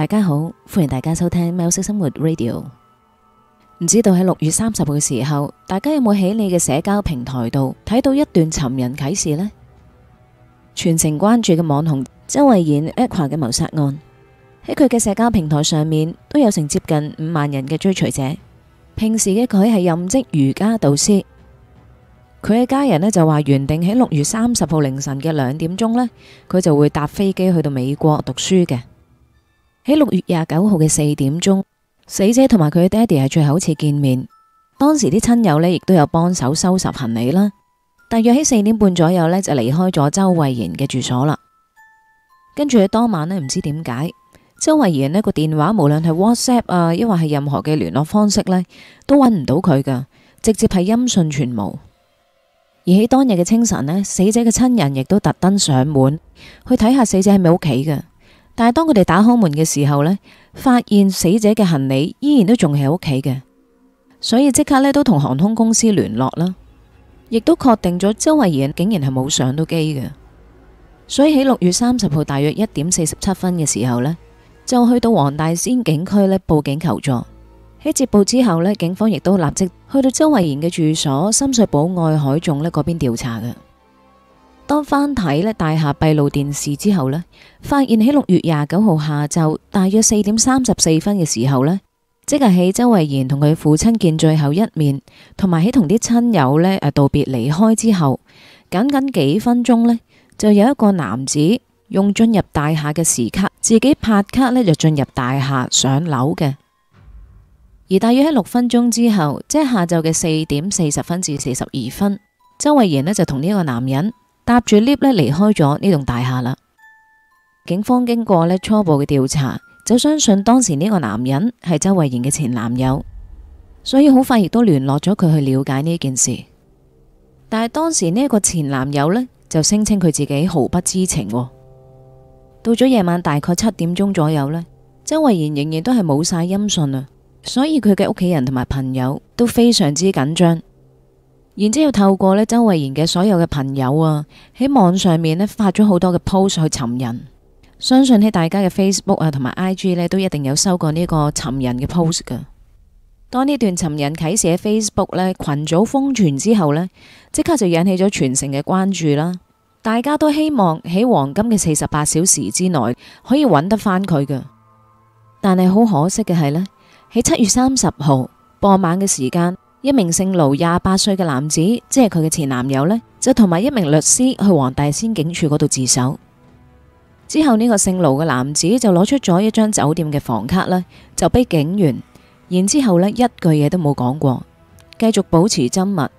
大家好，歡迎大家收聽《喵式生活 Radio》。唔知道喺六月三十號嘅時候，大家有冇喺你嘅社交平台度睇到一段尋人啟事呢？全程關注嘅網紅周慧賢 Eric 嘅謀殺案喺佢嘅社交平台上面都有成接近五萬人嘅追隨者。平時嘅佢係任職瑜伽導師，佢嘅家人呢，就話原定喺六月三十號凌晨嘅兩點鐘呢，佢就會搭飛機去到美國讀書嘅。喺六月廿九號嘅四點鐘，死者同埋佢爹哋係最後一次見面。當時啲親友呢，亦都有幫手收拾行李啦。大約喺四點半左右呢，就離開咗周慧賢嘅住所啦。跟住喺當晚呢，唔知點解，周慧賢呢個電話，無論係 WhatsApp 啊，抑或係任何嘅聯絡方式呢，都搵唔到佢噶，直接係音訊全無。而喺當日嘅清晨呢，死者嘅親人亦都特登上門去睇下死者係咪屋企嘅。但係當佢哋打開門嘅時候呢，發現死者嘅行李依然都仲喺屋企嘅，所以即刻呢都同航空公司聯絡啦，亦都確定咗周慧賢竟然係冇上到機嘅，所以喺六月三十號大約一點四十七分嘅時候呢，就去到黃大仙警區呢報警求助。喺接報之後呢，警方亦都立即去到周慧賢嘅住所深水埗愛海頌呢嗰邊調查嘅。當翻睇咧大廈閉路電視之後咧，發現喺六月廿九號下晝大約四點三十四分嘅時候咧，即係喺周慧賢同佢父親見最後一面，同埋喺同啲親友咧道別離開之後，僅僅幾分鐘咧就有一個男子用進入大廈嘅時刻，自己拍卡咧就進入大廈上樓嘅。而大約喺六分鐘之後，即係下晝嘅四點四十分至四十二分，周慧賢咧就同呢一個男人。搭住 lift 咧離開咗呢棟大廈啦。警方經過咧初步嘅調查，就相信當時呢個男人係周慧賢嘅前男友，所以好快亦都聯絡咗佢去了解呢件事。但係當時呢個前男友呢，就聲稱佢自己毫不知情。到咗夜晚大概七點鐘左右呢，周慧賢仍然都係冇晒音訊啊，所以佢嘅屋企人同埋朋友都非常之緊張。然之後透過咧，周慧賢嘅所有嘅朋友啊，喺網上面呢發咗好多嘅 post 去尋人。相信喺大家嘅 Facebook 啊同埋 IG 呢都一定有收過呢個尋人嘅 post 噶當呢段尋人啟事喺 Facebook 呢群組瘋傳之後呢，即刻就引起咗全城嘅關注啦。大家都希望喺黃金嘅四十八小時之內可以揾得翻佢噶。但係好可惜嘅係呢，喺七月三十號傍晚嘅時間，一名姓盧廿八歲嘅男子，即係佢嘅前男友呢就同埋一名律師去黃大仙警署嗰度自首。之後呢個姓盧嘅男子就攞出咗一張酒店嘅房卡呢就俾警員，然之後咧一句嘢都冇講過，繼續保持緘默。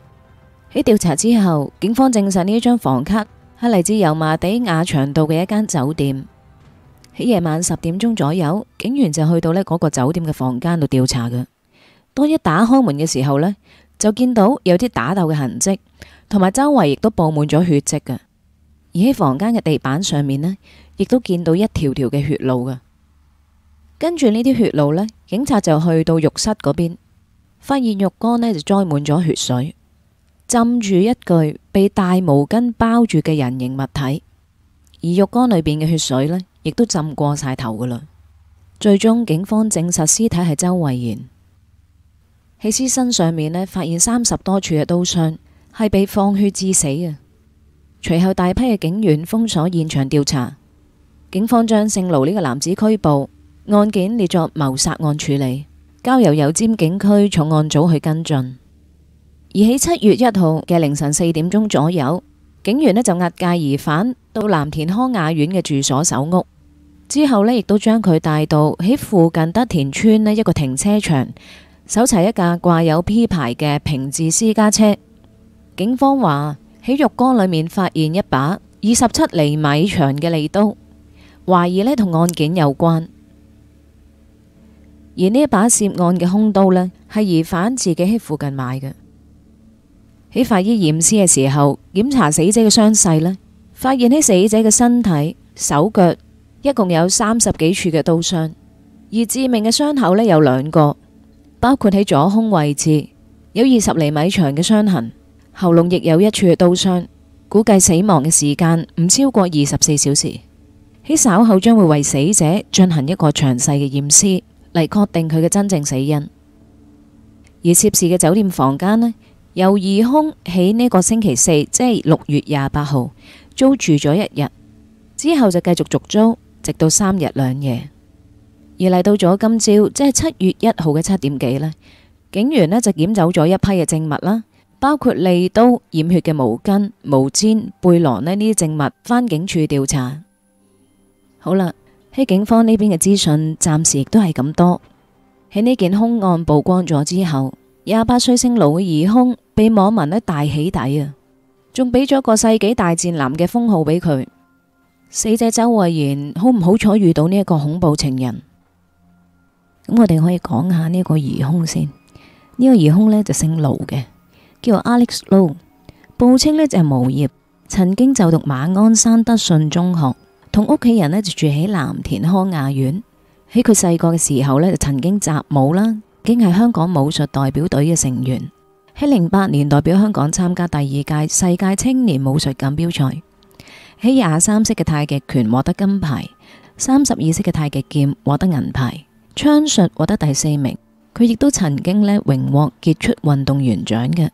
喺調查之後，警方證實呢一張房卡係嚟自油麻地亞長道嘅一間酒店。喺夜晚十點鐘左右，警員就去到呢嗰個酒店嘅房間度調查嘅。當一打開門嘅時候呢，就見到有啲打鬥嘅痕跡，同埋周圍亦都布滿咗血跡嘅。而喺房間嘅地板上面呢亦都見到一條條嘅血路嘅。跟住呢啲血路呢，警察就去到浴室嗰邊，發現浴缸呢就塞滿咗血水，浸住一具被大毛巾包住嘅人形物體，而浴缸裏邊嘅血水呢，亦都浸過晒頭㗎喇。最終，警方證實屍體係周慧賢。喺屍身上面呢，發現三十多處嘅刀傷，係被放血致死嘅。隨後大批嘅警員封鎖現場調查，警方將姓盧呢個男子拘捕，案件列作謀殺案處理，交由油尖警區重案組去跟進。而喺七月一號嘅凌晨四點鐘左右，警員呢就押解疑犯到藍田康雅苑嘅住所搜屋，之後呢，亦都將佢帶到喺附近德田村呢一個停車場。搜查一架掛有 P 牌嘅平治私家車，警方話喺浴缸裏面發現一把二十七厘米長嘅利刀，懷疑呢同案件有關。而呢一把涉案嘅凶刀呢，係疑犯自己喺附近買嘅。喺法醫驗屍嘅時候，檢查死者嘅傷勢呢，發現喺死者嘅身體手腳一共有三十幾處嘅刀傷，而致命嘅傷口呢有兩個。包括喺左胸位置有二十厘米長嘅傷痕，喉嚨亦有一處刀傷，估計死亡嘅時間唔超過二十四小時。喺稍後將會為死者進行一個詳細嘅驗屍，嚟確定佢嘅真正死因。而涉事嘅酒店房間呢，由疑兇喺呢個星期四，即係六月廿八號租住咗一日，之後就繼續續租，直到三日兩夜。而嚟到咗今朝，即係七月一號嘅七點幾咧，警員咧就撿走咗一批嘅證物啦，包括利刀、染血嘅毛巾、毛氈、背囊呢啲證物，返警處調查。好啦，喺警方呢邊嘅資訊暫時亦都係咁多。喺呢件凶案曝光咗之後，廿八歲姓盧嘅疑凶被網民咧大起底啊，仲俾咗個世紀大戰男嘅封號俾佢。死者周慧賢好唔好彩遇到呢一個恐怖情人。咁我哋可以講下呢個疑兇先。呢個疑兇呢，就姓盧嘅，叫 Alex Low。報稱呢，就係無業，曾經就讀馬鞍山德信中學，同屋企人呢，就住喺藍田康雅苑。喺佢細個嘅時候呢，就曾經習武啦，竟係香港武術代表隊嘅成員。喺零八年代表香港參加第二屆世界青年武術錦標賽，喺廿三式嘅太極拳獲得金牌，三十二式嘅太極劍獲得銀牌。槍術獲得第四名，佢亦都曾經呢榮獲傑出運動員獎嘅。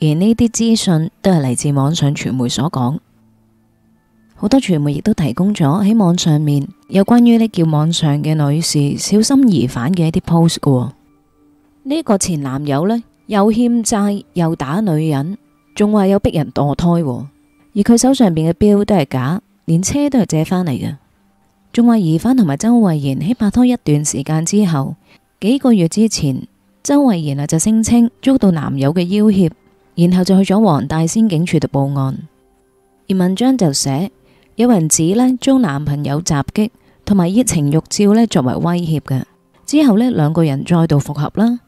而呢啲資訊都係嚟自網上傳媒所講，好多傳媒亦都提供咗喺網上面有關於呢叫網上嘅女士小心疑犯嘅一啲 post 嘅。呢個前男友呢，又欠債又打女人，仲話有逼人墮胎，而佢手上邊嘅表都係假，連車都係借翻嚟嘅。仲話，疑犯同埋周慧賢喺拍拖一段時間之後，幾個月之前，周慧賢啊就聲稱遭到男友嘅要挾，然後就去咗黃大仙警署度報案。而文章就寫，有人指咧遭男朋友襲擊同埋熱情欲照咧作為威脅嘅，之後呢，兩個人再度復合啦，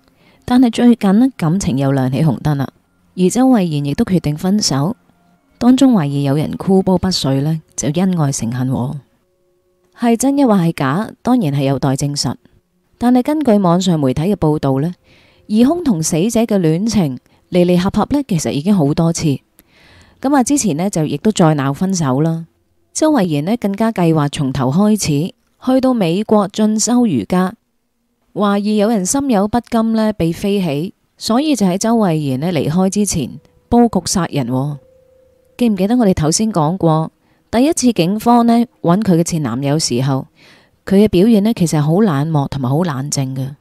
但係最近呢感情又亮起紅燈啦，而周慧賢亦都決定分手，當中懷疑有人箍煲不遂呢就恩愛成恨喎。係真亦或係假，當然係有待證實。但係根據網上媒體嘅報道呢，疑凶同死者嘅戀情離離合合呢，其實已經好多次。咁啊，之前呢，就亦都再鬧分手啦。周慧賢呢，更加計劃從頭開始，去到美國進修瑜伽。懷疑有人心有不甘呢，被飛起，所以就喺周慧賢呢離開之前，布局殺人。記唔記得我哋頭先講過？第一次警方呢揾佢嘅前男友時候，佢嘅表現呢其實好冷漠同埋好冷靜嘅，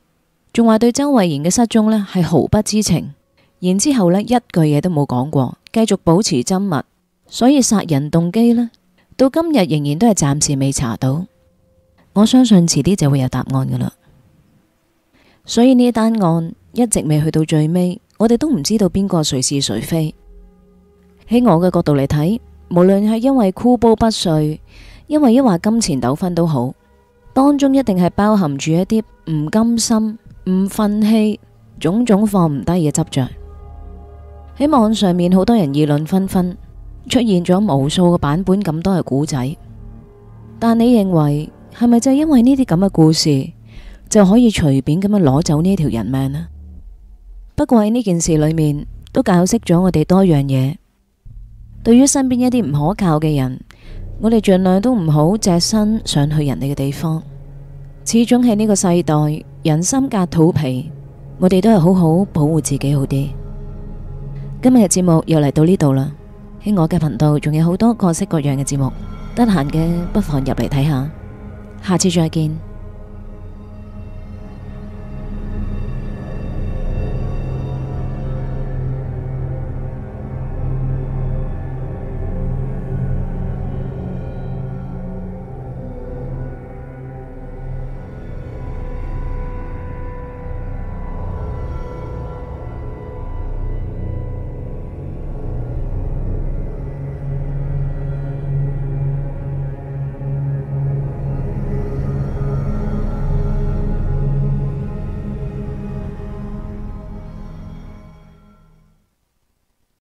仲話對周慧賢嘅失蹤呢係毫不知情，然之後呢一句嘢都冇講過，繼續保持緘默，所以殺人動機呢到今日仍然都係暫時未查到。我相信遲啲就會有答案噶啦。所以呢一單案一直未去到最尾，我哋都唔知道邊個誰是誰非。喺我嘅角度嚟睇。無論係因為箍煲不遂，因為一話金錢糾紛都好，當中一定係包含住一啲唔甘心、唔忿氣，種種放唔低嘅執着。喺網上面，好多人議論紛紛，出現咗無數個版本，咁多嘅古仔。但你認為係咪就係因為呢啲咁嘅故事，就可以隨便咁樣攞走呢條人命呢？不過喺呢件事裏面，都教識咗我哋多樣嘢。對於身邊一啲唔可靠嘅人，我哋盡量都唔好隻身上去人哋嘅地方，始終係呢個世代人心隔肚皮，我哋都係好好保護自己好啲。今日嘅節目又嚟到呢度啦，喺我嘅頻道仲有好多各式各樣嘅節目，得閒嘅不妨入嚟睇下，下次再見。